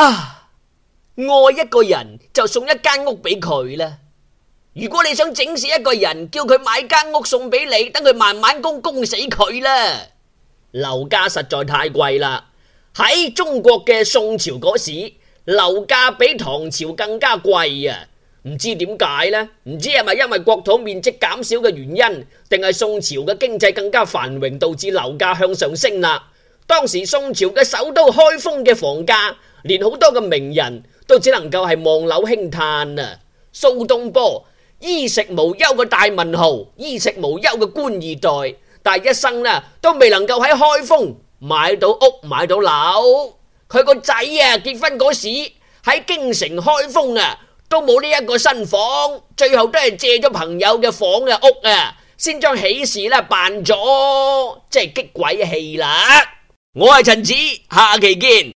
啊！愛一個人就送一間屋俾佢啦。如果你想整死一個人，叫佢買間屋送俾你，等佢慢慢供供死佢啦。樓價實在太貴啦。喺中國嘅宋朝嗰時，樓價比唐朝更加貴啊。唔知點解呢？唔知係咪因為國土面積減少嘅原因，定係宋朝嘅經濟更加繁榮，導致樓價向上升啦。當時宋朝嘅首都開封嘅房價。連好多嘅名人都只能夠係望樓興嘆啊！蘇東坡，衣食無憂嘅大文豪，衣食無憂嘅官二代，但係一生呢、啊、都未能夠喺開封買到屋買到樓。佢個仔啊結婚嗰時喺京城開封啊都冇呢一個新房，最後都係借咗朋友嘅房嘅、啊、屋啊，先將喜事呢辦咗，即係激鬼氣啦！我係陳子，下期見。